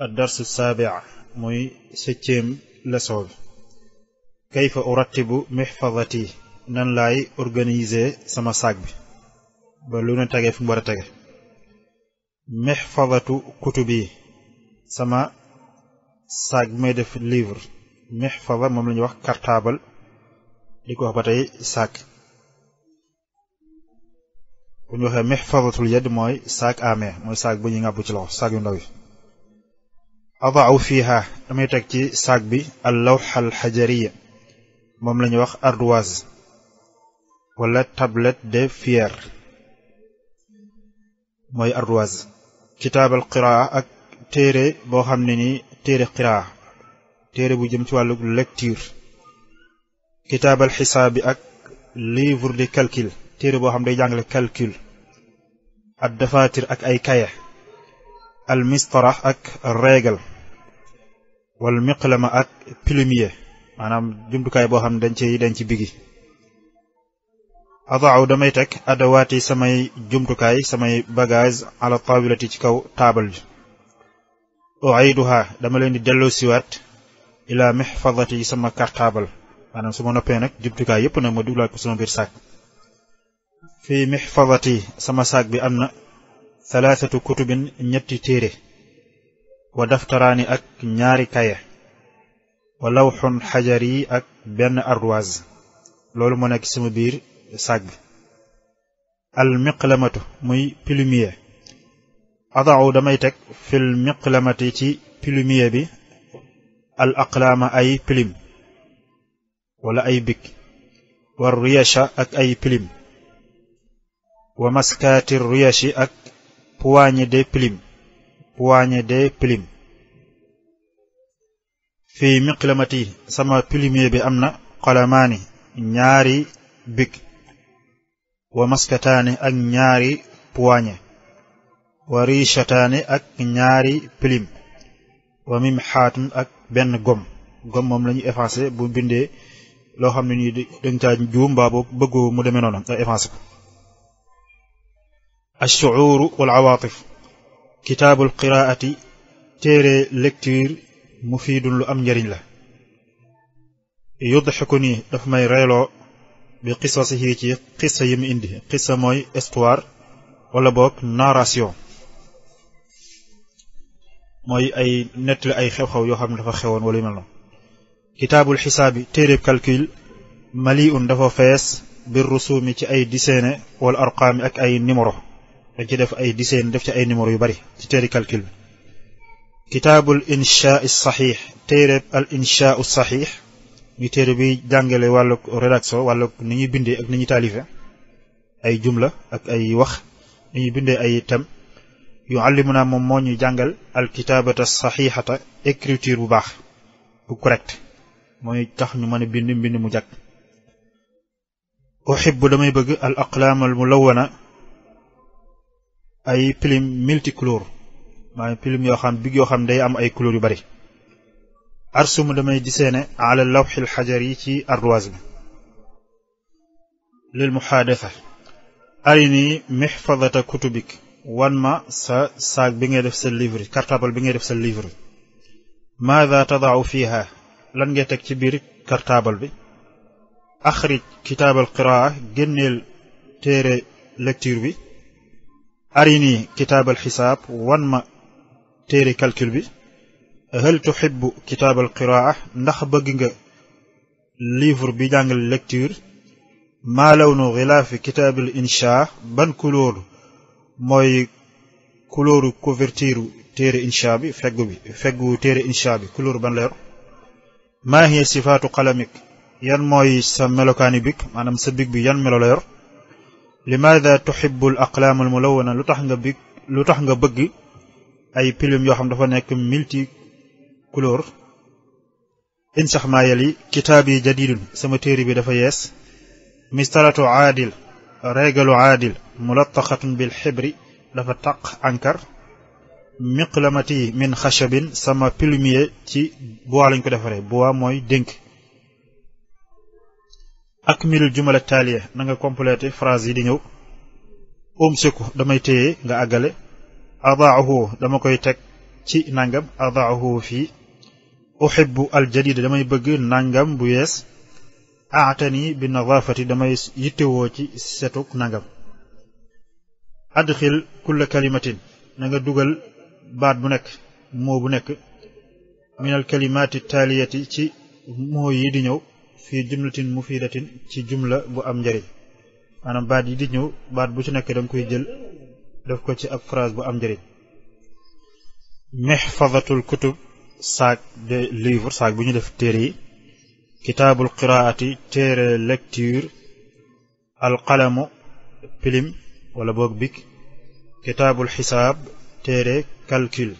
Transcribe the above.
addarsu saabic muy septième leçon bi kayfa urattibu mixfadati nan laay organiser sama saag bi ba lu ne tege fu mu war a tege mixfadatu kutubi sama saag bi may def livre mixfada moom la ñuy wax cartable di ko wax ba tey saag bu ñu waxee mixfadatul yad mooy saag à mooy saag bu ñuy ŋàbbu ci loxo saag yu ndaw yi أضعوا فيها لما يتكي ساق بي اللوحة الحجرية مم لن يوخ أردواز ولا تابلت دي فير موي أردواز كتاب القراءة أك تيري بو خمني تيري قراءة تيري بو جمتوا لكتير كتاب الحساب أك ليفر دي كالكيل تيري بو خمني جانج لكالكيل الدفاتر أك أي كايه المسطرة أك الرجل wal miqlama ak plumier maanaam jumtukaay boo xam ne dañ ci dañ ci bigi teg adawaati samay jumtukaay samay bagage ala tawilati ci kaw taabal bi uiduha dama leen di delloo siwaat ila mihfadati sama cartable maanaam su ma noppee nag jumtukaay yëpp nag ma duglaat ko sama biir saak fii mihfadati sama saak bi am na thalathatu kutubin ñetti téere wa daftaraani ak ñaari kaye wa lawxun xajar yi ak benn ardoise loolu moo nekk sama biir sàgg al miqlamatu muy plumier adau damay teg fil miqlamati ci plumier bi al aqlaama ay pilim wala ay bik war riyacha ak ay pilim wa maskaati riyachi ak poignée de pilim poignée des plumes fii miqlamati sama plumier bi am na xalamaani ñaari big wa maskataani ak ñaari poignée wa richataani ak ñaari plume wa mim xaatun ak benn gom gomme moom lañu ñu bu bindee loo xam ne nii dañ caa juum mbaa boobu bëggu mu demee noonu nga effacé ko كتاب القراءة تيري لكتير مفيد لأم جرين له يضحكني دفمي ريلو بقصصه كي قصة يم إنده قصة موي استوار ولا بوك ناراسيون موي أي نتل أي خيو خيو يوحب نفا خيوان ولي ملو كتاب الحساب تيري بكالكيل مليء دفو فيس بالرسوم كي أي ديسيني والأرقام أك أي نمرو da ci def ay dizaine def ci ay numéro yu bari ci téere calcul bi kitaabul inshaa saxiix téereb al inshaa saxiix ñu téere bi jàngale wàllug rédaction wàllug ni ñuy bindee ak ni ñuy taalife ay jumla ak ay wax ni ñuy bindee ay thème yu allimuna moom moo ñu jàngal al kitaabata saxiixata écriture bu baax bu correct mooy tax ñu mën a bind mbind mu jag uhibbu damay bëgg al aqlaam al mulawwana ay film multicolore maanaam film yo xam big yo xam day am ay couleur yu bari arsum damay diseene ala lawh al yi ci arwaz lil muhadatha arini mixfadata kutubik wan ma sa saag bi ngay def sa livre cartable bi ngay def sa livre maada tadaaw fiha lan ngay teg ci biir cartable bi axrij kitaabal qiraa génneel téere lecture bi أريني كتاب الحساب وانما تيري كالكلبي هل تحب كتاب القراءة نخبغنغ ليفر بيجانغ اللكتور ما لون غلاف كتاب الإنشاء بان كولور موي كلور كوفرتير تيري إنشاء بي فقو بي فقو تيري إنشاء بي كولور بان لير ما هي صفات قلمك ين موي سملوكاني بيك أنا مسبك بي ين ملو لير limaada tuhibbul aqlaam al mulawwana lu tax nga bi lu tax nga bëgg ay plume yoo xam dafa nekk multi couleur in sax maa yeli kitaab yi jadidun sama téere bi dafa yees mistaratu aadil reegalu aadil mulattaxatun bil xibri dafa taq ankar miqlamati min xashabin sama plumier ci bois lañ ko defaree bois mooy dénk ak mil jumala taaliya na nga complété phrase yi di ñëw umsiku damay téye nga àggale adaahu dama koy teg ci nangam adaahu fii uxibbu aljadida damay bëgg nangam bu yees aatani bi nadafati damay yittewoo ci setuk nangam adxil kulle kalimatin na nga dugal baat bu nekk moo bu nekk min alkalimati taaliyati ci moo yi di ñëw fii jumlatin mufidatin ci jumla bu am njëriñ maanaam baat yi di ñëw baat bu ci nekk da koy jël def ko ci ab phrase bu am njëriñ mihfazatul kutub saak de livre saak bu ñu def téere yi kitaabul qiraati téere lecture alqalamu pilim wala boog bik kitaabul xisaab téere calcul